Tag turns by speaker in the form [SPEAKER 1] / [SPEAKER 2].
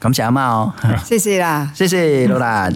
[SPEAKER 1] 感謝阿媽哦，
[SPEAKER 2] 謝謝啦，謝謝老蘭。